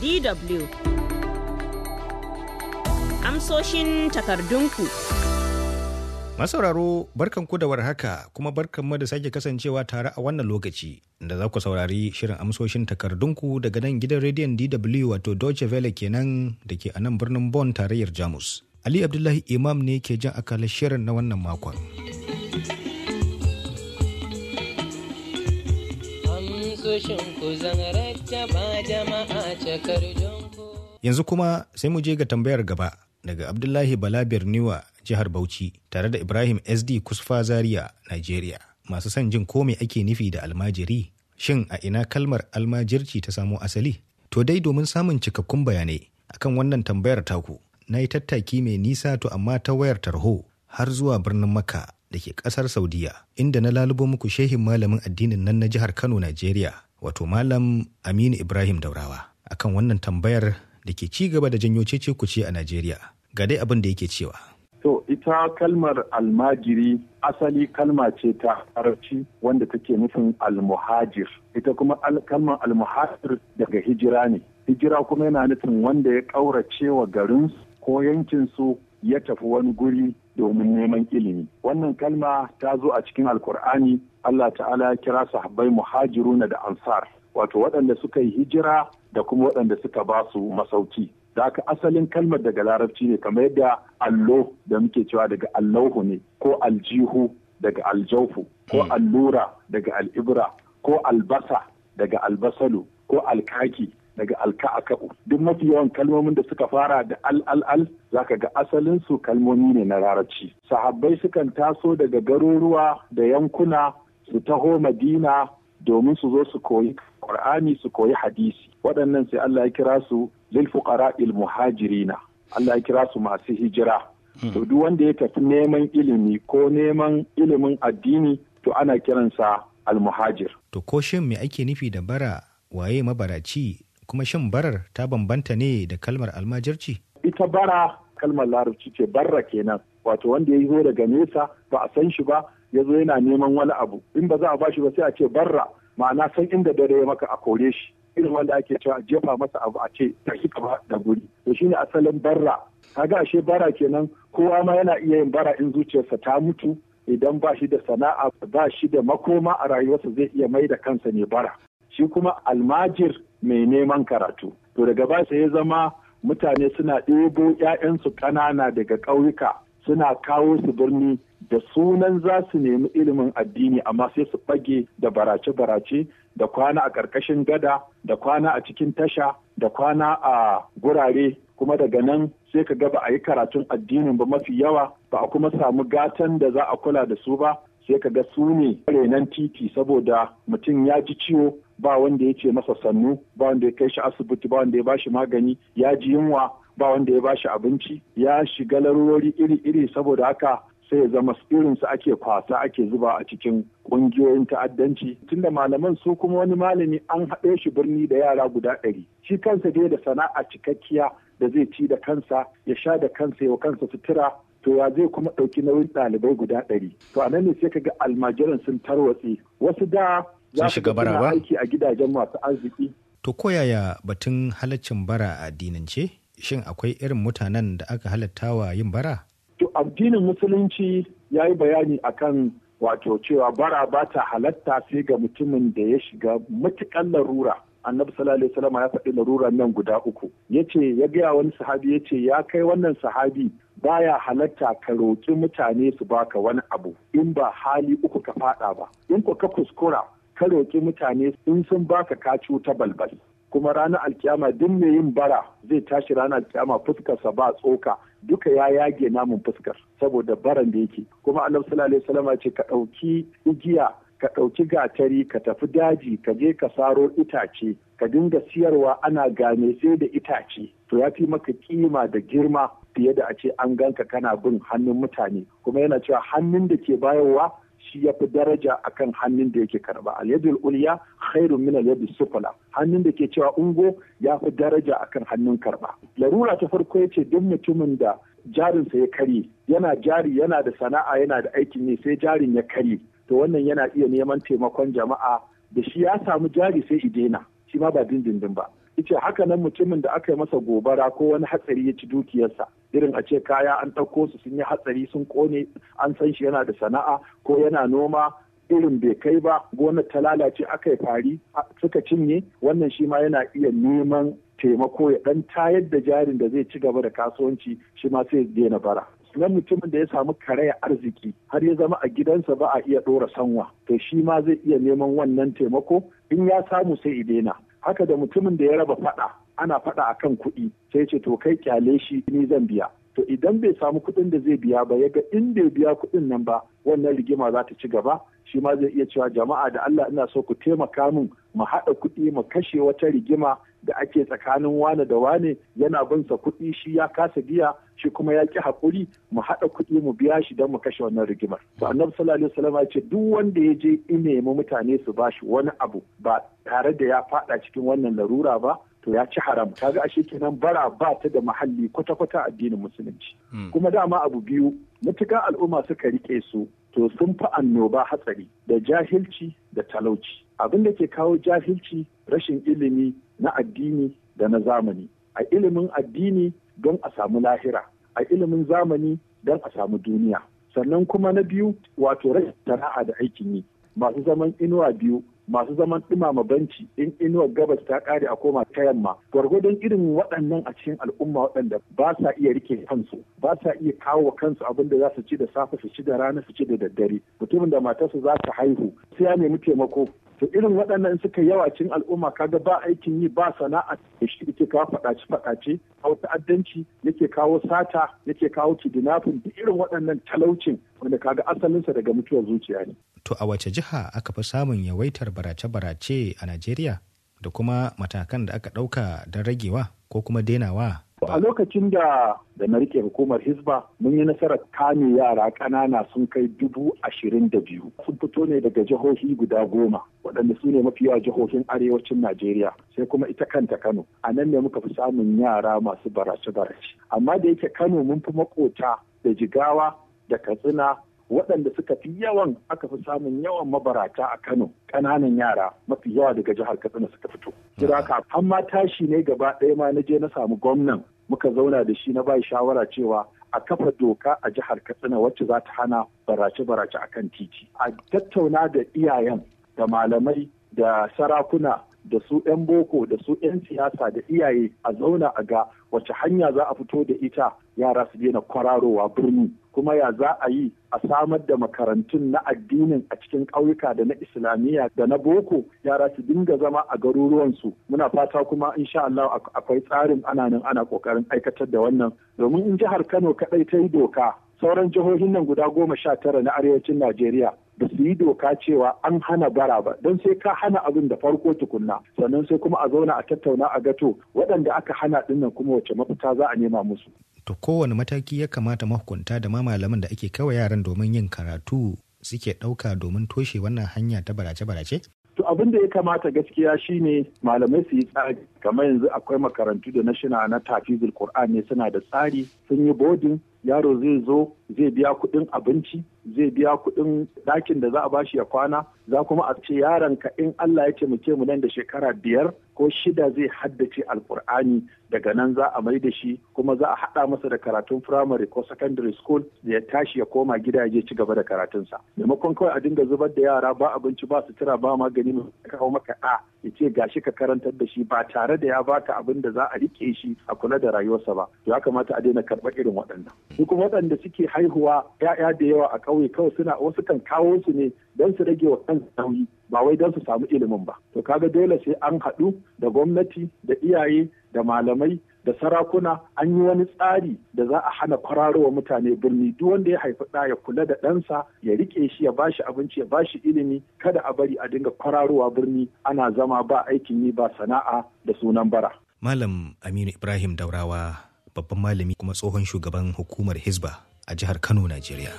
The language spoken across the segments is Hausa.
DW. Amsoshin takardunku. Masauraro barkanku da warhaka kuma barkanmu da sake kasancewa tare a wannan lokaci da za ku saurari shirin amsoshin takardunku daga nan gidan rediyon DW wato Deutsche Welle kenan da ke a nan birnin Bonn tarayyar Jamus. Ali Abdullahi Imam ne ke jan akalar shirin na wannan makon. ku Yanzu kuma sai mu je ga tambayar gaba daga Abdullahi Bala Birniwa jihar Bauchi tare da Ibrahim SD Kusfa Zaria, Nigeria. Masu son jin ko me ake nufi da almajiri? Shin a ina kalmar almajirci ta samo asali? To dai domin samun cikakkun bayanai akan wannan tambayar taku, na yi tattaki mai nisa to amma ta wayar tarho har zuwa birnin Makka da ke ƙasar Saudiya, inda na lalubo muku shehin malamin addinin nan na jihar Kano, Najeriya, wato Malam Aminu Ibrahim Daurawa, akan wannan tambayar da ke ci gaba da janyo cece kuce a Najeriya. Ga dai abin da yake cewa. To ita kalmar almajiri asali kalma ce ta arabci wanda take nufin almuhajir. Ita kuma kalmar almuhajir daga hijira ne. Hijira kuma yana nufin wanda ya ƙaurace wa garinsu ko yankinsu ya tafi wani guri domin neman ilimi wannan kalma ta zo a cikin alkur'ani Allah ta'ala ya kira sahabbai muhajiruna da ansar wato waɗanda suka yi hijira da kuma waɗanda suka ba su masauki da aka asalin kalmar daga larabci ne kamar yadda allo da muke cewa daga allahu ne ko aljihu daga aljaufu ko hmm. allura daga al'ibra ko albasa daga albasalu ko alkaki daga ka'u duk mafi yawan kalmomin da suka fara da al-al-al zaka ga asalin su kalmomi ne na rarraci sahabbai sukan taso daga garuruwa da yankuna su taho madina domin su zo su koyi qur'ani su koyi hadisi waɗannan sai Allah ya kira su lil fuqara'il muhajirina Allah ya kira su masu hijira hmm. to duk wanda ya tafi neman ilimi ko neman ilimin addini to ana kiransa almuhajir to ko shin me ake nufi da bara waye mabaraci kuma shin barar ta bambanta ne da kalmar almajirci ita bara kalmar larabci ce barra kenan wato wanda ya yi zo daga nesa ba a san shi ba ya zo yana neman wani abu in ba za a bashi ba sai a ce barra ma'ana san inda dare ya maka a kore shi irin wanda ake cewa a jefa masa abu a ce ta shi ba da guri to shine asalin barra kaga ashe bara kenan kowa ma yana iya yin bara in zuciyarsa ta mutu idan ba shi da sana'a ba shi da makoma a rayuwarsa zai iya mai da kansa ne bara shi kuma almajir mai neman karatu to daga ba sai ya zama mutane suna ɗebo 'ya'yansu ƙanana daga ƙauyuka suna kawo su birni da sunan za su nemi ilimin addini amma sai su ɓage da barace-barace da kwana a ƙarƙashin gada da kwana a cikin tasha da kwana a gurare kuma daga nan sai ka ga ba a yi karatun addinin ba mafi yawa ba a kuma samu gatan da za a kula da su ba sai ka ga su ne renan titi saboda mutum ya ji ciwo ba wanda ya ce masa sannu ba wanda ya kai shi asibiti ba wanda ya shi magani ya ji yunwa ba wanda ya bashi abinci ya shiga larurori iri-iri saboda haka sai ya zama irin su ake kwasa ake zuba a cikin ƙungiyoyin ta'addanci tunda malaman su kuma wani malami an haɗe shi birni da yara guda ɗari shi kansa dai da sana'a cikakkiya da zai ci da kansa ya sha da kansa ya kansa sutura to ya zai kuma ɗauki nauyin ɗalibai guda ɗari to a nan ne sai ka ga almajiran sun tarwatse wasu da sun shiga bara ba aiki a gidajen masu arziki to koyaya batun halaccin bara a addinance shin akwai irin mutanen da aka halatta wa yin bara to addinin musulunci ya yi bayani akan wato cewa bara ba ta halatta sai ga mutumin da ya shiga matukan larura annabi sallallahu alaihi ya faɗi laruran nan guda uku yace ya gaya wani sahabi yace ya kai wannan sahabi baya halatta ka roƙi mutane su baka wani abu in ba hali uku ka faɗa ba in ko ka kuskura ka roƙi mutane in sun baka ka ta balbal kuma ranar alkiyama duk mai yin bara zai tashi ranar alkiyama fuskarsa ba tsoka duka ya yage namun fuskar saboda baran da yake kuma annabi sallallahu alaihi wasallam ce ka ɗauki igiya ka ɗauki gatari ka tafi daji ka je ka saro itace ka dinga siyarwa ana gane sai da itace to ya fi maka kima da girma fiye da a ce an ganka kana bin hannun mutane kuma yana cewa hannun da ke bayarwa shi ya fi daraja akan hannun da yake karba alyadul ulya khairu min alyadi sufala hannun da ke cewa ungo ya fi daraja akan hannun karba larura ta farko ya ce duk mutumin da jarinsa ya karye yana jari yana da sana'a yana da aikin ne sai jarin ya karye to wannan yana iya neman taimakon jama'a da shi ya samu jari sai idena shi ma ba dindindin ba ita haka nan mutumin da aka yi masa gobara ko wani hatsari ya ci dukiyarsa irin a ce kaya an ɗauko su sun yi hatsari sun kone an san shi yana da sana'a ko yana noma irin bai kai ba gona ta lalace aka yi fari suka cinye wannan shi ma yana iya neman taimako ya ɗan tayar da jarin da zai ci gaba da kasuwanci shi ma sai daina bara na mutumin da ya samu karaya arziki har ya zama a gidansa ba a iya ɗora sanwa to shi ma zai iya neman wannan taimako in ya samu sai daina haka da mutumin da ya raba faɗa ana faɗa kan kuɗi sai ce to kai kyale shi ni zan biya to idan bai samu kuɗin da zai biya ba yaga in bai biya kuɗin nan ba wannan rigima za ta ci gaba shi ma zai iya cewa jama'a da Allah ina so ku taimaka min mu haɗa kuɗi mu kashe wata rigima da ake tsakanin wane da wane yana bin kuɗi shi ya kasa biya shi kuma ya ki hakuri mu haɗa kuɗi mu biya shi don mu kashe wannan rigimar to annabi sallallahu alaihi wasallam ya ce duk wanda ya je in mu mutane su bashi wani abu ba tare da ya faɗa cikin wannan larura ba to ya ci haram kaga ashe kenan bara ba ta da mahalli kwata-kwata addinin musulunci hmm. kuma dama abu biyu matuƙa al'umma suka rike su to sun fi annoba hatsari da jahilci da talauci abin da ke kawo jahilci rashin ilimi na addini da na zamani a ilimin addini don a samu lahira a ilimin zamani don a samu duniya sannan kuma na biyu wato rashin sana'a da aikin yi masu zaman inuwa biyu masu zaman ɗumama banci in inuwar gabas ta kare a koma ta yamma gwargwadon irin waɗannan a cikin al'umma waɗanda ba sa iya rike kansu ba sa iya kawo wa kansu abin da za su ci da safe su ci da rana su ci da daddare mutumin da matarsa za ta haihu sai ya nemi taimako to irin waɗannan suka yawa al'umma kaga ba aikin yi ba sana'a da shi yake kawo faɗace faɗace kawo ta'addanci yake kawo sata yake kawo kidnapping da irin waɗannan talaucin wanda kaga asalinsa daga mutuwar zuciya ne to a wace jiha aka fi samun yawaitar barace-barace a Najeriya da kuma matakan da aka ɗauka don ragewa ko kuma denawa a lokacin da da na rike hukumar hisba mun yi nasarar kame yara ƙanana sun kai dubu ashirin da biyu sun fito ne daga jihohi guda goma waɗanda su ne yawa jihohin arewacin najeriya sai kuma ita kanta kano a nan ne muka fi samun yara masu barace barace amma da yake kano mun fi makota da jigawa da katsina waɗanda suka fi yawan aka fi samun yawan mabarata a Kano ƙananan yara mafi yawa daga jihar Katsina suka fito. Kira ka har ma tashi ne gaba ɗaya ma na je na samu gwamnan muka zauna da shi na bai shawara cewa a kafa doka a jihar Katsina wacce za ta hana barace-barace a kan titi. A tattauna da iyayen da malamai da sarakuna da su 'yan boko da su 'yan siyasa da iyaye a zauna a ga wace hanya za a fito da ita yara su daina kwararowa birni kuma ya za a yi a samar da makarantun na addinin a cikin ƙauyuka da na islamiyya da na boko yara su dinga zama a garuruwansu muna fata kuma insha Allah akwai tsarin ana nan ana ƙoƙarin aikatar da wannan domin in jihar Kano kaɗai ta yi doka sauran jihohin nan guda goma sha tara na arewacin najeriya ba su yi doka cewa an hana bara ba don sai ka hana abin da farko tukunna sannan sai kuma a zauna a tattauna a gato waɗanda aka hana dinnan kuma wace mafita za a nema musu to kowane mataki ya kamata mahukunta da ma malaman da ake kawai yaran domin yin karatu suke ɗauka domin toshe wannan hanya ta barace-barace? To abin da ya kamata gaskiya shine malamai su yi tsari kamar yanzu akwai makarantu da na shina na tafizul Qur'an suna da tsari sun yi bodin yaro zai zo zai biya kuɗin abinci zai biya kuɗin ɗakin da za a bashi ya kwana za kuma a ce yaron ka in Allah ya taimake mu nan da shekara biyar ko shida zai haddace alkur'ani daga nan za a mai da shi kuma za a haɗa masa da karatun firamare ko secondary school da ya tashi ya koma gida ya ci gaba da karatun sa. maimakon kawai a dinga zubar da yara ba abinci ba tira ba magani mu kawo maka a ya ce gashi ka karantar da shi ba tare da ya baka abin da za a rike shi a kula da rayuwarsa ba to ya kamata a daina karɓar irin waɗannan su kuma waɗanda suke haihuwa ya'ya da yawa a ƙauye kawai suna wasu kan kawo su ne don su rage wa kan nauyi ba wai don su samu ilimin ba to kaga dole sai an haɗu da gwamnati da iyaye da malamai da sarakuna an yi wani tsari da za a hana kwararowa mutane birni duk wanda ya haifi ɗa ya kula da ɗansa ya riƙe shi ya bashi abinci ya bashi ilimi kada a bari a dinga kwararowa birni ana zama ba aikin yi ba sana'a da sunan bara malam aminu ibrahim daurawa babban malami kuma tsohon shugaban hukumar Hisba a jihar Kano, Najeriya.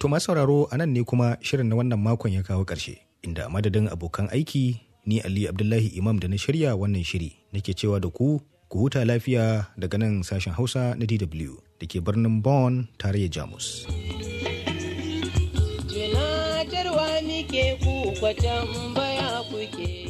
To sauraro a nan ne kuma shirin na wannan makon ya kawo ƙarshe, inda madadin abokan aiki ni Ali Abdullahi Imam da na shirya wannan shiri nake cewa da ku ku huta lafiya daga nan sashen Hausa na DW da ke birnin Bon tarayyar Jamus. Tunatarwa muke ku kwatan kuke.